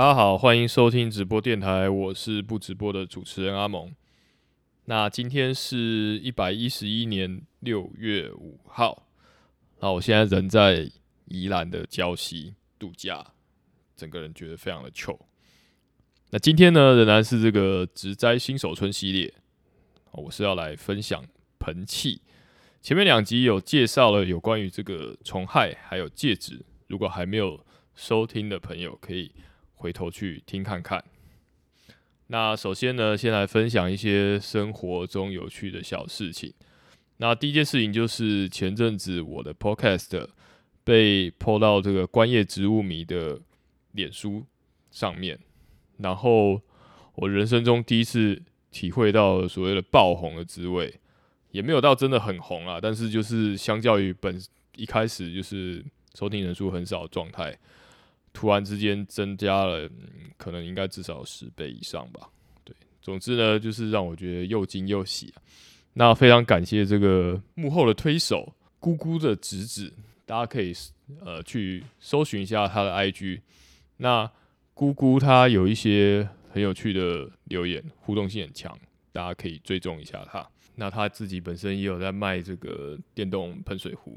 大家好，歡迎收聽植播電台，我是不直播的主持人阿蒙。那今天是一百一十一年六月五號，那我現在人在宜蘭的礁溪度假，整個人覺得非常的糗。那今天呢，仍然是這個植栽新手村系列，我是要來分享盆器。前面兩集有介紹了有關於這個蟲害，還有介質，如果還沒有收聽的朋友，可以。回頭去聽看看。那首先呢，先來分享一些生活中有趣的小事情。那第一件事情就是前陣子我的 Podcast 被 po 到這個觀葉植物迷的臉書上面，然後我人生中第一次體會到所謂的爆紅的滋味，也沒有到真的很紅啊，但是就是相較於本一開始就是收聽人數很少的狀態。突然之間增加了，嗯，可能應該至少十倍以上吧。對，總之呢，就是讓我覺得又驚又喜啊。那非常感謝這個幕後的推手，姑姑的侄子，大家可以呃去搜尋一下他的 IG。那姑姑她有一些很有趣的留言，互動性很強，大家可以追蹤一下他。那他自己本身也有在賣這個電動噴水壺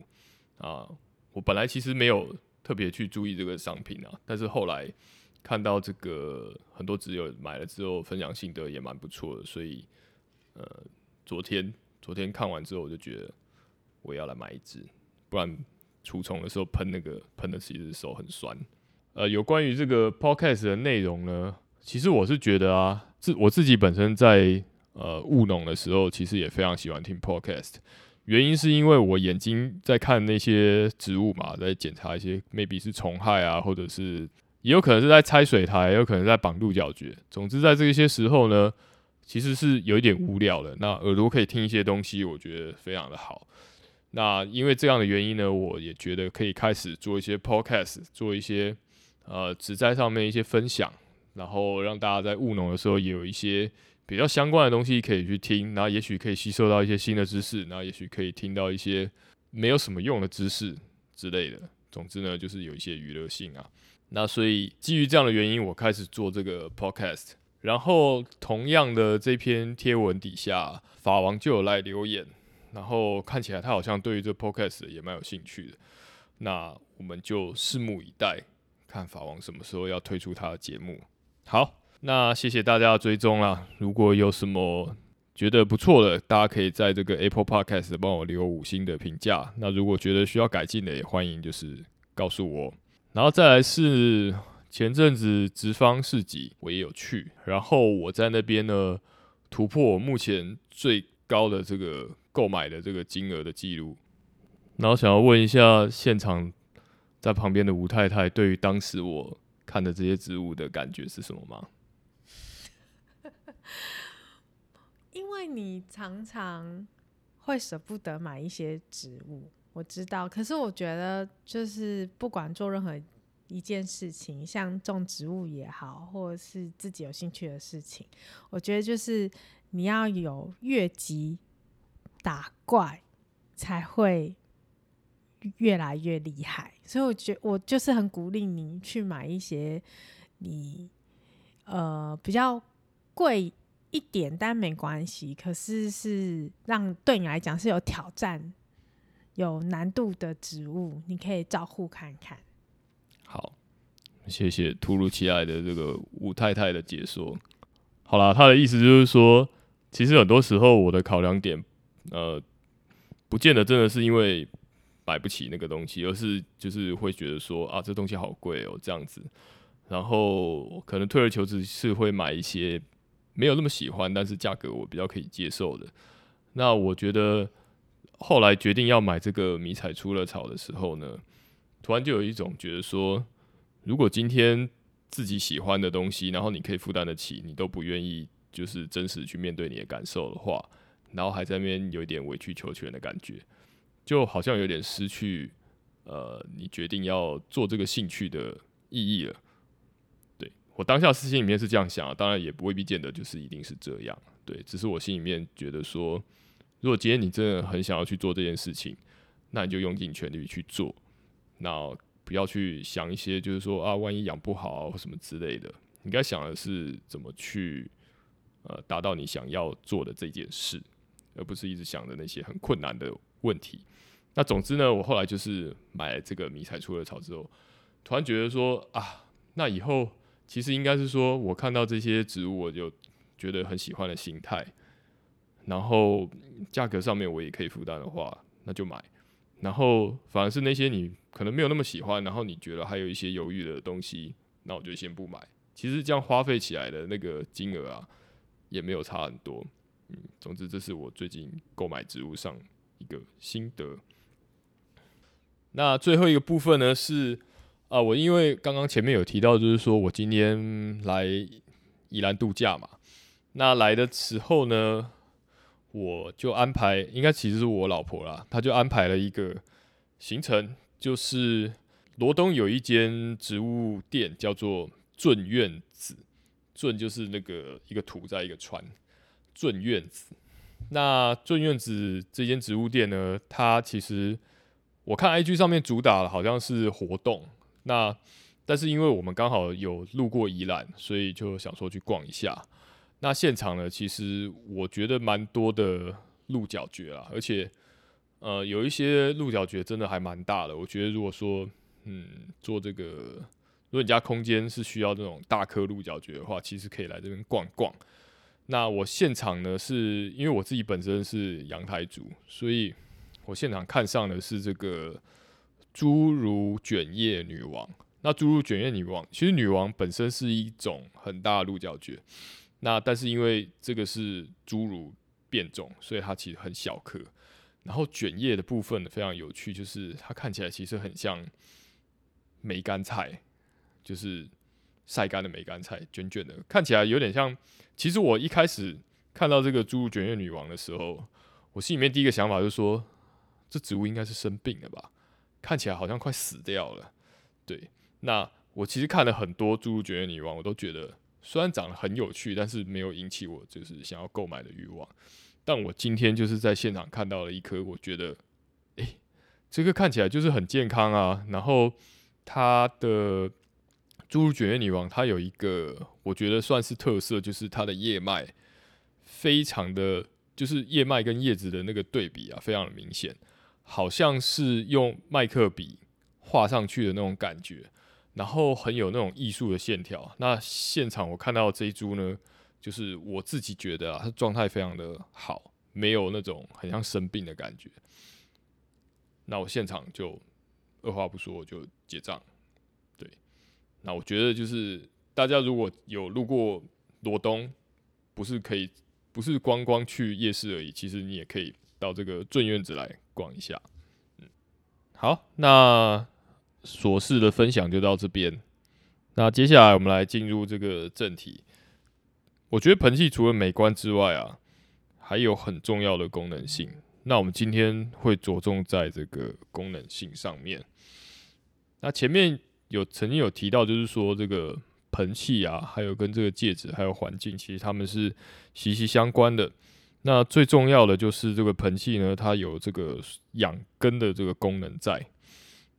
啊。我本來其實沒有。特別去注意這個商品啊，但是後來看到這個很多植友買了之後分享心得也蠻不錯的，所以呃昨天昨天看完之後我就覺得我也要來買一支，不然除蟲的時候噴那個噴的時，其實手很酸。呃，有關於這個 podcast 的內容呢，其實我是覺得啊，自我自己本身在呃務農的時候，其實也非常喜歡聽 podcast。原因是因為我眼睛在看那些植物嘛，在檢查一些，maybe 是蟲害啊，或者是也有可能是在拆水苔，也有可能在綁鹿角蕨。總之在這些時候呢，其實是有一點無聊的。那耳朵可以聽一些東西，我覺得非常的好。那因為這樣的原因呢，我也覺得可以開始做一些 podcast，做一些呃植栽上面一些分享，然後讓大家在務農的時候也有一些。比較相關的東西可以去聽，然後也許可以吸收到一些新的知識，然後也許可以聽到一些沒有什麼用的知識之類的。總之呢，就是有一些娛樂性啊。那所以基於這樣的原因，我開始做這個 Podcast。然後同樣的這篇貼文底下，法王就有來留言，然後看起來他好像對於這 Podcast 也蠻有興趣的。那我們就拭目以待，看法王什麼時候要推出他的節目。好。那謝謝大家的追蹤啦！如果有什麼覺得不錯的，大家可以在這個 Apple Podcast 幫我留五星的評價。那如果覺得需要改進的，也歡迎就是告訴我。然後再來是前陣子直方市集，我也有去，然後我在那邊呢，突破我目前最高的這個購買的這個金額的記錄。然後想要問一下現場在旁邊的吳太太，對於當時我看的這些植物的感覺是什麼嗎？因為你常常會捨不得買一些植物，我知道。可是我覺得，就是不管做任何一件事情，像種植物也好，或者是自己有興趣的事情，我覺得就是你要有越級打怪，才會越來越厲害。所以，我覺我就是很鼓勵你去買一些你呃比較。貴一點，但沒關係。可是是讓對你來講是有挑戰、有難度的植物，你可以照顧看看。好，謝謝突如其來的這個吳太太的解說。好啦，她的意思就是說，其實很多時候我的考量點，呃，不見得真的是因為買不起那個東西，而是就是會覺得說啊，這東西好貴哦，這樣子。然後可能退而求之，是會買一些。沒有那麼喜歡，但是價格我比較可以接受的。那我覺得後來決定要買這個迷彩出了草的時候呢，突然就有一種覺得說，如果今天自己喜歡的東西，然後你可以負擔得起，你都不願意，就是真實去面對你的感受的話，然後還在那邊有一點委曲求全的感覺，就好像有點失去，呃，你決定要做這個興趣的意義了。我當下是心裡面是這樣想啊，當然也不未必見得就是一定是這樣，對，只是我心裡面覺得說，如果今天你真的很想要去做這件事情，那你就用盡全力去做，那不要去想一些就是說啊，萬一養不好，啊、或什麼之類的，你該想的是怎麼去呃達到你想要做的這件事，而不是一直想著那些很困難的問題。那總之呢，我後來就是買了這個迷彩除了草之後，突然覺得說啊，那以後。其實應該是說，我看到這些植物，我就覺得很喜歡的心態，然後價格上面我也可以負擔的話，那就買。然後反而是那些你可能沒有那麼喜歡，然後你覺得還有一些猶豫的東西，那我就先不買。其實這樣花費起來的那個金額啊，也沒有差很多。嗯，總之這是我最近購買植物上一個心得。那最後一個部分呢是。啊，我因為剛剛前面有提到，就是說我今天來宜蘭度假嘛，那來的時候呢，我就安排，應該其實是我老婆啦，她就安排了一個行程，就是羅東有一間植物店叫做“圳院子”，“圳”就是那個一個土在一個川，圳院子。那圳院子這間植物店呢，它其實我看 IG 上面主打的好像是活動。那，但是因為我們剛好有路過宜蘭，所以就想說去逛一下。那現場呢，其實我覺得蠻多的鹿角蕨啊，而且呃，有一些鹿角蕨真的還蠻大的。我覺得如果說嗯，做這個如果你家空間是需要那種大顆鹿角蕨的話，其實可以來這邊逛逛。那我現場呢，是因為我自己本身是陽台族，所以我現場看上的是這個。侏儒捲葉女王，那侏儒捲葉女王其實女王本身是一種很大的鹿角蕨，那但是因為這個是侏儒變種，所以它其實很小顆。然後捲葉的部分非常有趣，就是它看起來其實很像梅乾菜，就是曬乾的梅乾菜，捲捲的，看起來有點像。其實我一開始看到這個侏儒捲葉女王的時候，我心裡面第一個想法就是說，這植物應該是生病了吧。看起來好像快死掉了，對。那我其實看了很多侏儒蕨葉女王，我都覺得雖然長得很有趣，但是沒有引起我就是想要購買的慾望。但我今天就是在現場看到了一顆，我覺得，哎、欸，這個看起來就是很健康啊。然後它的侏儒蕨葉女王，它有一個我覺得算是特色，就是它的葉脈非常的就是葉脈跟葉子的那個對比啊，非常的明顯。好像是用麥克筆畫上去的那種感覺，然後很有那種藝術的線條。那現場我看到這一株呢，就是我自己覺得啊，它狀態非常的好，沒有那種很像生病的感覺。那我現場就二話不說就結賬，對。那我覺得就是大家如果有路過羅東，不是可以不是光光去夜市而已，其實你也可以。到這個鎮院子來逛一下，嗯，好，那瑣事的分享就到這邊。那接下來我們來進入這個正題。我覺得盆器除了美觀之外啊，還有很重要的功能性。那我們今天會着重在這個功能性上面。那前面有曾經有提到，就是說這個盆器啊，還有跟這個介質，還有環境，其實它們是息息相關的。那最重要的就是這個盆器呢，它有這個養根的這個功能在。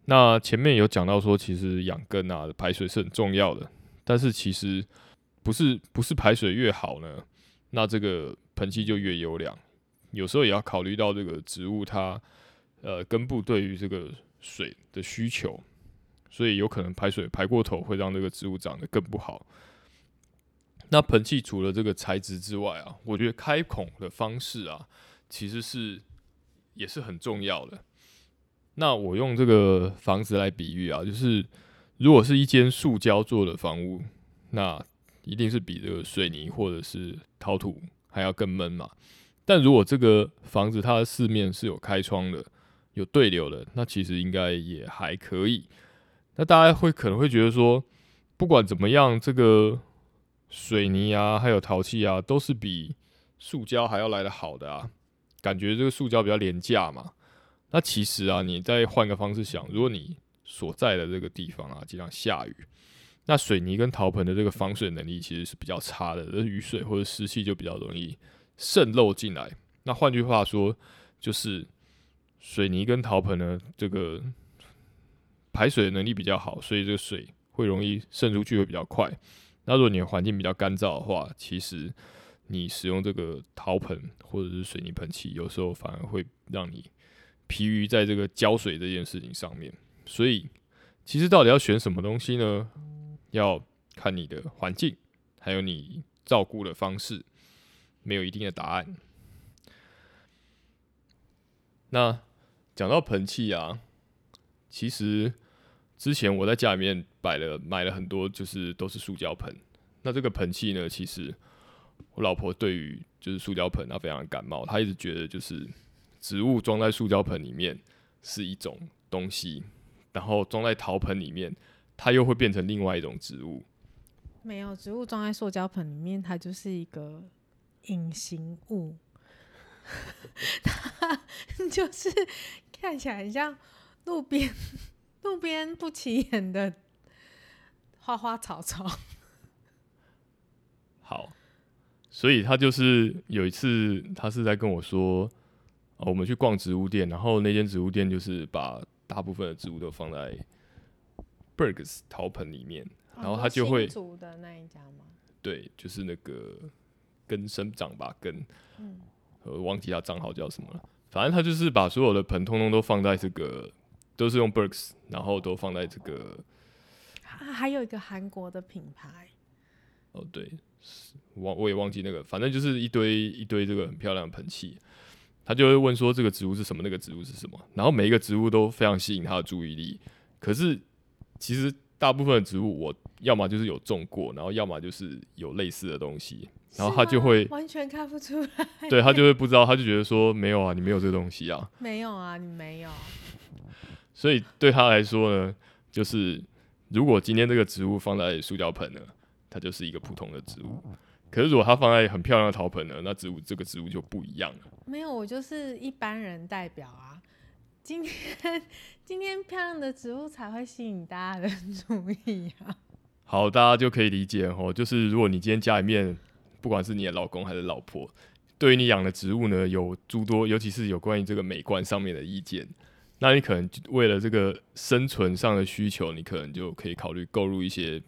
那前面有講到說，其實養根啊，排水是很重要的，但是其實不是不是排水越好呢，那這個盆器就越優良。有時候也要考慮到這個植物它呃根部對於這個水的需求，所以有可能排水排過頭會讓這個植物長得更不好。那盆器除了這個材質之外啊，我覺得開孔的方式啊，其實是也是很重要的。那我用這個房子來比喻啊，就是如果是一間塑膠做的房屋，那一定是比這個水泥或者是陶土還要更悶嘛。但如果這個房子它的四面是有開窗的，有對流的，那其實應該也還可以。那大家會可能會覺得說，不管怎麼樣，這個。水泥啊，還有陶器啊，都是比塑膠還要來得好的啊。感覺這個塑膠比較廉價嘛。那其實啊，你再換個方式想，如果你所在的這個地方啊經常下雨，那水泥跟陶盆的這個防水能力其實是比較差的，這、就是、雨水或者濕氣就比較容易滲漏進來。那換句話說，就是水泥跟陶盆呢，這個排水能力比較好，所以這個水會容易滲出去，會比較快。那如果你的環境比較乾燥的話，其實你使用這個陶盆或者是水泥盆器，有時候反而會讓你疲於在這個澆水這件事情上面。所以，其實到底要選什麼東西呢？要看你的環境，還有你照顧的方式，沒有一定的答案。那講到盆器啊，其實。之前我在家裡面擺了，買了很多，就是都是塑膠盆。那這個盆器呢，其實我老婆對於就是塑膠盆她非常的感冒，她一直覺得就是植物裝在塑膠盆裡面是一種東西，然後裝在陶盆裡面，它又會變成另外一種植物。沒有，植物裝在塑膠盆裡面，它就是一個隱形物， 它就是看起來很像路邊。路邊不起眼的花花草草，好，所以他就是有一次，他是在跟我說、哦，我們去逛植物店，然後那間植物店就是把大部分的植物都放在 Bergs 陶盆裡面，然後他就會。啊、新竹的那一家嗎？對，就是那個根生長吧，根，嗯、哦，我忘記他賬號叫什麼了，反正他就是把所有的盆通通都放在這個。都是用 Burks 然後都放在這個、啊。還有一個韓國的品牌。哦，對，忘我，我也忘記那個，反正就是一堆一堆這個很漂亮的盆器。他就會問說，這個植物是什麼？那個植物是什麼？然後每一個植物都非常吸引他的注意力。可是其實大部分的植物我要麼就是有種過，然後要麼就是有類似的東西，然後他就會完全看不出來。對，他就會不知道，他就覺得說沒有啊，你沒有這個東西啊，沒有啊，你沒有。所以對他來說呢，就是如果今天這個植物放在塑膠盆呢，它就是一個普通的植物；可是如果它放在很漂亮的陶盆呢，那植物這個植物就不一樣了。沒有，我就是一般人代表啊。今天今天漂亮的植物才會吸引大家的注意啊。好，大家就可以理解哦。就是如果你今天家裡面不管是你的老公還是老婆，對於你養的植物呢有諸多，尤其是有關於這個美觀上面的意見。那你可能為了這個生存上的需求，你可能就可以考慮購入一些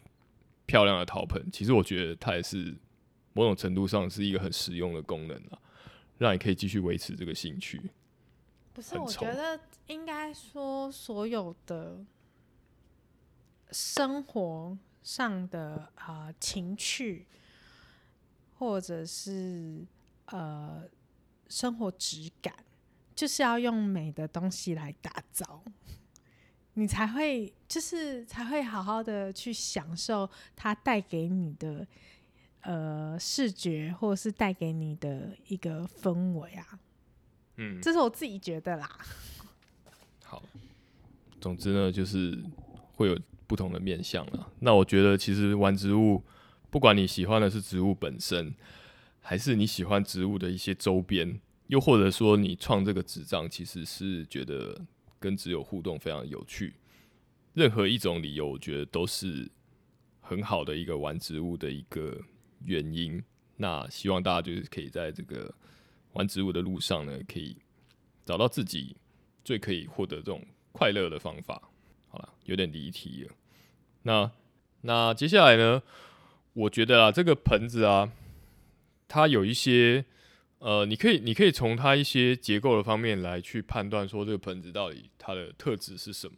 漂亮的陶盆。其實我覺得它也是某種程度上是一個很實用的功能啊，讓你可以繼續維持這個興趣。不是，很醜。我覺得應該說，所有的生活上的啊、呃、情趣，或者是呃生活質感。就是要用美的東西來打造，你才會就是才會好好的去享受它帶給你的呃視覺，或者是帶給你的一個氛圍啊。嗯，這是我自己覺得啦。好，總之呢，就是會有不同的面向了。那我覺得，其實玩植物，不管你喜歡的是植物本身，還是你喜歡植物的一些周邊。又或者說，你創這個植栽，其實是覺得跟植友互動非常有趣。任何一種理由，我覺得都是很好的一個玩植物的一個原因。那希望大家就是可以在這個玩植物的路上呢，可以找到自己最可以獲得這種快樂的方法。好了，有點離題了。那那接下來呢，我覺得啊，這個盆子啊，它有一些。呃，你可以，你可以從它一些結構的方面來去判斷說這個盆子到底它的特質是什麼。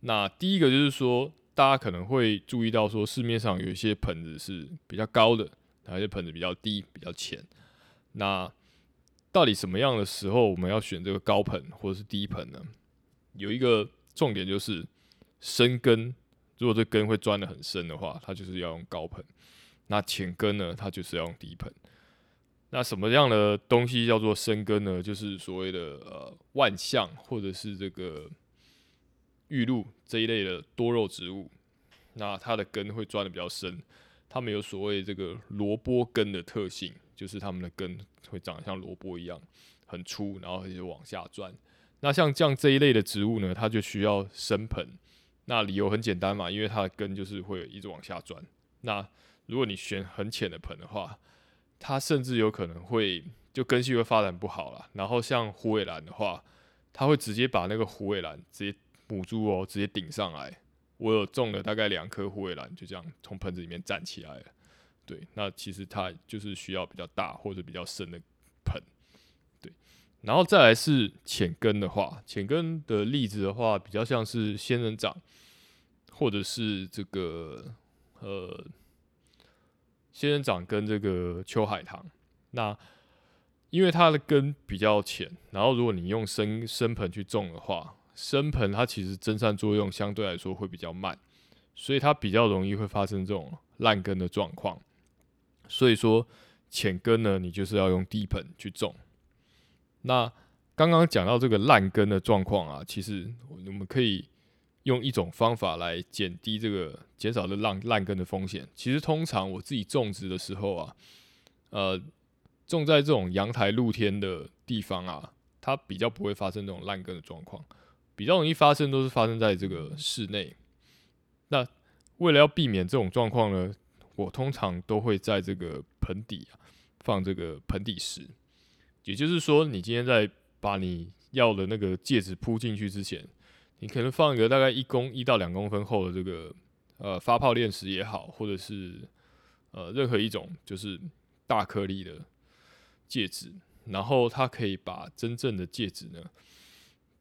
那第一個就是說，大家可能會注意到說，市面上有一些盆子是比較高的，還有一些盆子比較低，比較淺。那到底什麼樣的時候我們要選這個高盆或者是低盆呢？有一個重點就是深根，如果這根會鑽得很深的話，它就是要用高盆。那淺根呢，它就是要用低盆。那什麼樣的東西叫做深根呢？就是所謂的呃萬象或者是這個玉露這一類的多肉植物，那它的根會鑽得比較深，它們有所謂這個蘿蔔根的特性，就是它們的根會長得像蘿蔔一樣很粗，然後一直往下鑽。那像這樣這一類的植物呢，它就需要深盆。那理由很簡單嘛，因為它的根就是會一直往下鑽。那如果你選很淺的盆的話，它甚至有可能會就根系會發展不好了。然後像虎尾蘭的話，它會直接把那個虎尾蘭直接母株哦直接頂上來。我有種了大概兩棵虎尾蘭，就這樣從盆子裡面站起來了。對，那其實它就是需要比較大或者比較深的盆。對，然後再來是淺根的話，淺根的例子的話，比較像是仙人掌，或者是這個呃。仙人掌跟這個秋海棠，那因為它的根比較淺，然後如果你用深深盆去種的話，深盆它其實蒸散作用相對來說會比較慢，所以它比較容易會發生這種爛根的狀況。所以說淺根呢，你就是要用低盆去種。那剛剛講到這個爛根的狀況啊，其實我們可以。用一種方法來減低這個減少的爛爛根的風險。其實通常我自己種植的時候啊，呃，種在這種陽台露天的地方啊，它比較不會發生這種爛根的狀況，比較容易發生都是發生在這個室內。那為了要避免這種狀況呢，我通常都會在這個盆底啊放這個盆底石，也就是說，你今天在把你要的那個介質鋪進去之前。你可能放一個大概一公，一到兩公分厚的這個呃發泡鍊石也好，或者是呃任何一種就是大顆粒的介質。然後它可以把真正的介質呢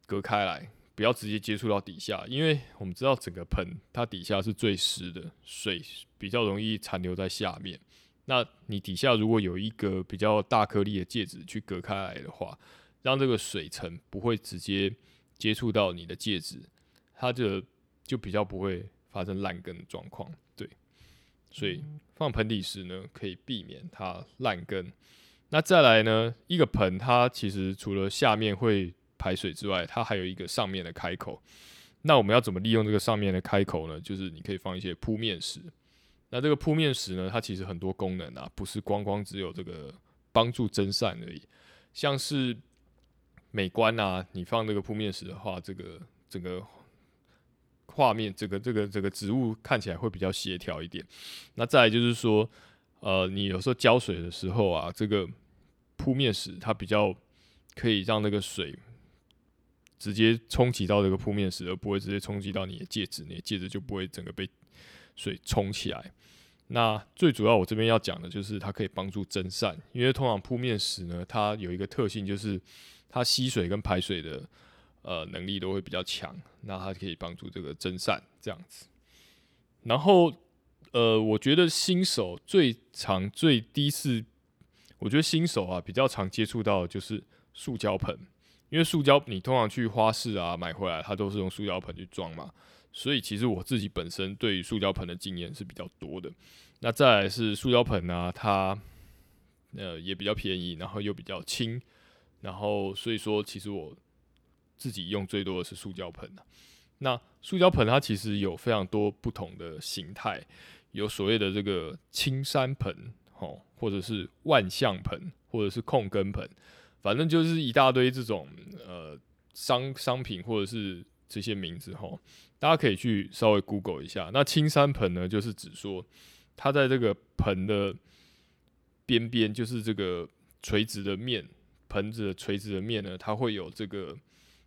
隔開來，不要直接接觸到底下，因為我們知道整個盆它底下是最濕的，水比較容易殘留在下面。那你底下如果有一個比較大顆粒的介質去隔開來的話，讓這個水層不會直接。接觸到你的介質，它就就比較不會發生爛根的狀況，對，所以放盆底石呢，可以避免它爛根。那再來呢，一個盆它其實除了下面會排水之外，它還有一個上面的開口。那我們要怎麼利用這個上面的開口呢？就是你可以放一些鋪面石。那這個鋪面石呢，它其實很多功能啊，不是光光只有這個幫助蒸散而已，像是。美觀啊，你放這個鋪面石的話，這個整個畫面，這個這個這個植物看起來會比較協調一點。那再來就是說，呃，你有時候澆水的時候啊，這個鋪面石它比較可以讓那個水直接衝擊到這個鋪面石，而不會直接衝擊到你的介質，你的介質就不會整個被水衝起來。那最主要我這邊要講的就是它可以幫助蒸散，因為通常鋪面石呢，它有一個特性就是。它吸水跟排水的，呃，能力都會比較強，那它可以幫助這個蒸散這樣子。然後，呃，我覺得新手最常、最低是，我覺得新手啊比較常接觸到的就是塑膠盆，因為塑膠你通常去花市啊買回來，它都是用塑膠盆去裝嘛。所以其實我自己本身對於塑膠盆的經驗是比較多的。那再來是塑膠盆啊，它，呃，也比較便宜，然後又比較輕。然後，所以說，其實我自己用最多的是塑膠盆啊，那塑膠盆它其實有非常多不同的形態，有所謂的這個青山盆，吼，或者是萬象盆，或者是控根盆，反正就是一大堆這種呃商商品，或者是這些名字吼，大家可以去稍微 Google 一下。那青山盆呢，就是指說它在這個盆的邊邊，就是這個垂直的面。盆子的垂直的面呢，它會有這個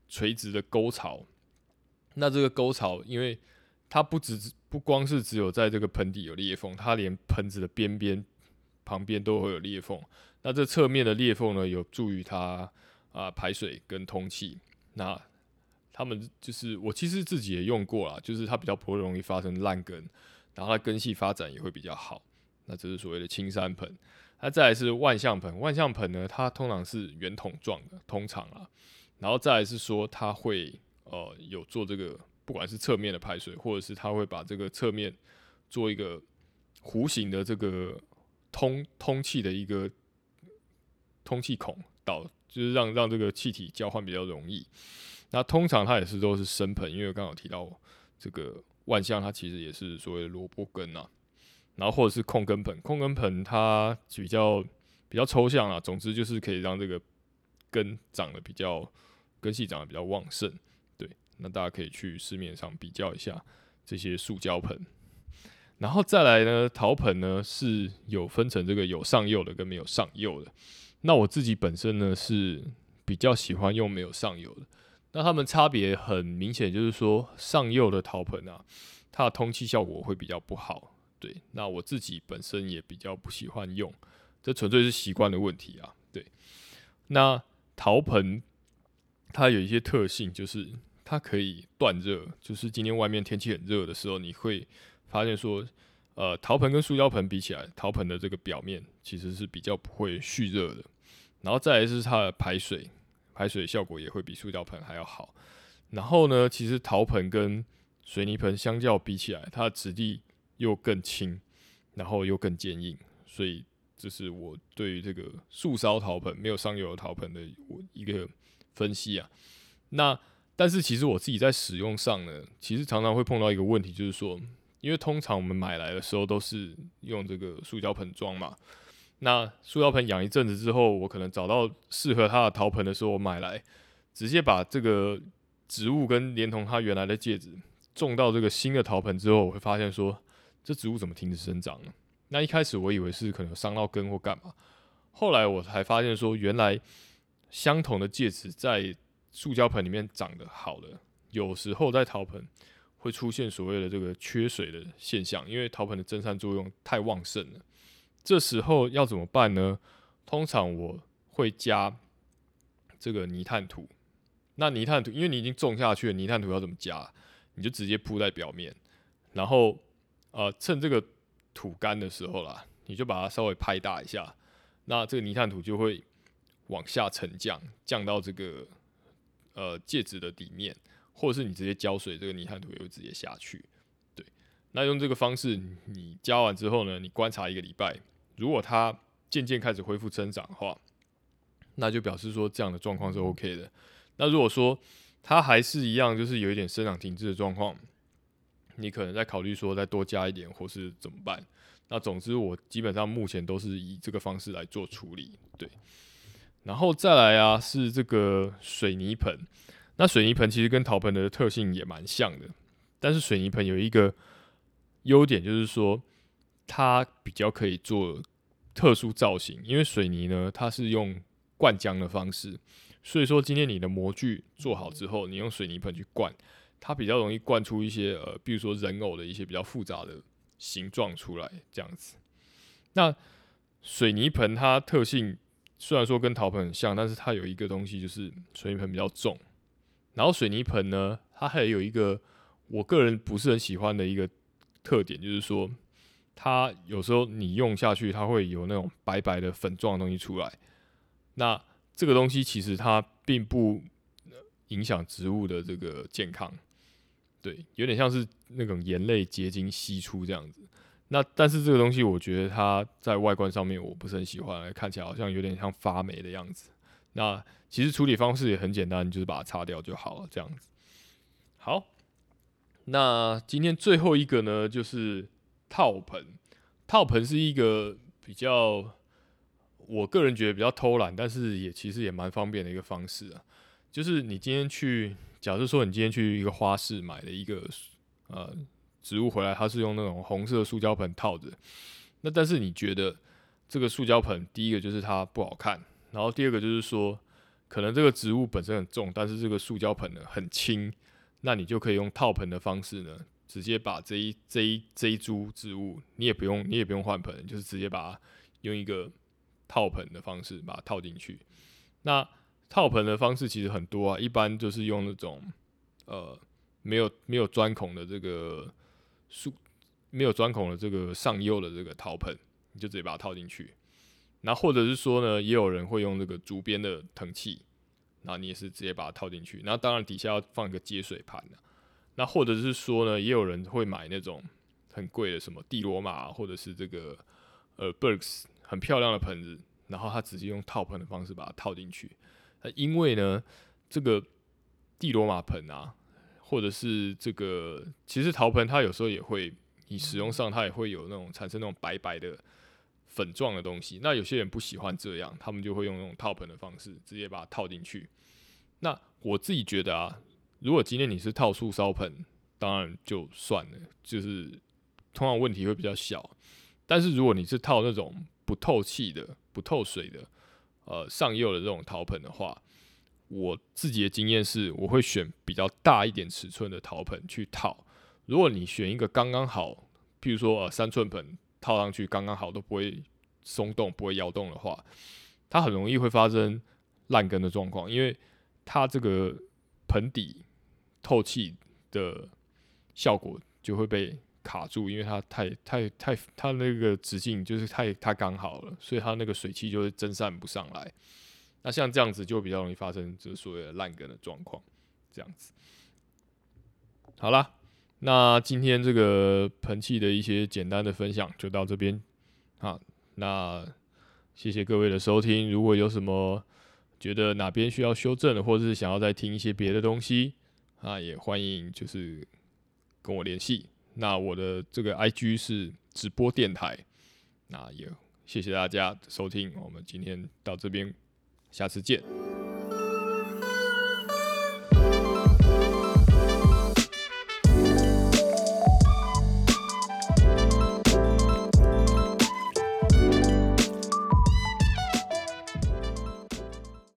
垂直的溝槽。那這個溝槽，因為它不只是不光是只有在這個盆底有裂縫，它連盆子的邊邊旁邊都會有裂縫。那這側面的裂縫呢，有助於它啊、呃、排水跟通氣。那他們就是我其實自己也用過啦，就是它比較不容易發生爛根，然後它根系發展也會比較好。那這是所謂的青山盆。它、啊、再來是萬象盆，萬象盆呢，它通常是圓筒狀的，通常啊，然後再來是說它會呃有做這個，不管是側面的排水，或者是它會把這個側面做一個弧形的這個通通氣的一個通氣孔，導就是讓讓這個氣體交換比較容易。那通常它也是都是深盆，因為剛好提到這個萬象，它其實也是所謂的蘿蔔根啊。然後或者是控根盆，控根盆它比較比較抽象啊，總之就是可以讓這個根長得比較根系長得比較旺盛。對，那大家可以去市面上比較一下這些塑膠盆，然後再來呢，陶盆呢是有分成這個有上釉的跟沒有上釉的。那我自己本身呢是比較喜歡用沒有上釉的。那它們差別很明顯，就是說上釉的陶盆啊，它的通氣效果會比較不好。對，那我自己本身也比較不喜歡用，這純粹是習慣的問題啊。對，那陶盆它有一些特性，就是它可以斷熱，就是今天外面天氣很熱的時候，你會發現說，呃，陶盆跟塑膠盆比起來，陶盆的這個表面其實是比較不會蓄熱的，然後再來是它的排水，排水效果也會比塑膠盆還要好。然後呢，其實陶盆跟水泥盆相較比起來，它的質地。又更輕，然後又更堅硬，所以這是我對於這個素燒陶盆沒有上釉陶盆的我一個分析啊。那但是其實我自己在使用上呢，其實常常會碰到一個問題，就是說，因為通常我們買來的時候都是用這個塑膠盆裝嘛。那塑膠盆養一陣子之後，我可能找到適合它的陶盆的時候，我買來，直接把這個植物跟連同它原來的介質種到這個新的陶盆之後，我會發現說。這植物怎麼停止生長了？那一開始我以為是可能傷到根或幹嘛，後來我才發現說，原來相同的介質在塑膠盆裡面長得好了，有時候在陶盆會出現所謂的這個缺水的現象，因為陶盆的蒸散作用太旺盛了。這時候要怎麼辦呢？通常我會加這個泥炭土。那泥炭土，因為你已經種下去了，泥炭土要怎麼加？你就直接鋪在表面，然後。呃，趁這個土乾的時候啦，你就把它稍微拍打一下，那這個泥炭土就會往下沉降，降到這個呃介質的底面，或者是你直接澆水，這個泥炭土也會直接下去。對，那用這個方式，你澆完之後呢，你觀察一個禮拜，如果它漸漸開始恢復生長的話，那就表示說這樣的狀況是 OK 的。那如果說它還是一樣，就是有一點生長停滯的狀況。你可能在考慮說再多加一點，或是怎麼辦？那總之，我基本上目前都是以這個方式來做處理。對，然後再來啊，是這個水泥盆。那水泥盆其實跟陶盆的特性也蠻像的，但是水泥盆有一個優點，就是說它比較可以做特殊造型，因為水泥呢，它是用灌漿的方式，所以說今天你的模具做好之後，你用水泥盆去灌。它比較容易灌出一些呃，比如說人偶的一些比較複雜的形狀出來，這樣子。那水泥盆它特性雖然說跟陶盆很像，但是它有一個東西，就是水泥盆比較重。然後水泥盆呢，它還有一個我個人不是很喜歡的一個特點，就是說它有時候你用下去，它會有那種白白的粉狀的東西出來。那這個東西其實它並不影響植物的這個健康。對，有點像是那種鹽類結晶析出這樣子。那但是這個東西，我覺得它在外觀上面我不是很喜歡，看起來好像有點像發霉的樣子。那其實處理方式也很簡單，就是把它擦掉就好了這樣子。好，那今天最後一個呢，就是套盆。套盆是一個比較，我個人覺得比較偷懶，但是也其實也蠻方便的一個方式啊。就是你今天去。假設說你今天去一個花市買了一個呃植物回來，它是用那種紅色塑膠盆套着。那但是你覺得這個塑膠盆，第一個就是它不好看，然後第二個就是說可能這個植物本身很重，但是這個塑膠盆呢很輕，那你就可以用套盆的方式呢，直接把這一這一這一株植物，你也不用你也不用換盆，就是直接把它用一個套盆的方式把它套進去。那套盆的方式其實很多啊，一般就是用那種呃沒有沒有鑽孔的這個豎，沒有鑽孔的這個上釉的這個陶盆，你就直接把它套進去。那或者是說呢，也有人會用這個竹編的藤器，那你也是直接把它套進去。那當然底下要放一個接水盤啊。那或者是說呢，也有人會買那種很貴的什麼蒂羅馬或者是這個呃 Berks 很漂亮的盆子，然後他直接用套盆的方式把它套進去。啊，因為呢，這個地羅馬盆啊，或者是這個其實陶盆，它有時候也會，你使用上它也會有那種產生那種白白的粉狀的東西。那有些人不喜歡這樣，他們就會用那種套盆的方式，直接把它套進去。那我自己覺得啊，如果今天你是套素燒盆，當然就算了，就是通常問題會比較小。但是如果你是套那種不透氣的、不透水的，呃，上釉的這種陶盆的話，我自己的經驗是，我會選比較大一點尺寸的陶盆去套。如果你選一個剛剛好，譬如說，呃，三寸盆套上去剛剛好，都不會鬆動、不會搖動的話，它很容易會發生爛根的狀況，因為它這個盆底透氣的效果就會被卡住，因為它太太太它那個直徑就是太太剛好了，所以它那個水氣就會蒸散不上來。那像這樣子就比較容易發生，就是所謂的爛根的狀況。這樣子，好啦，那今天這個盆器的一些簡單的分享就到這邊。啊，那謝謝各位的收聽。如果有什麼覺得哪邊需要修正，或者是想要再聽一些別的東西，啊，也歡迎就是跟我聯繫。那我的這個 IG 是植播電台，那也謝謝大家收聽，我們今天到這邊，下次見。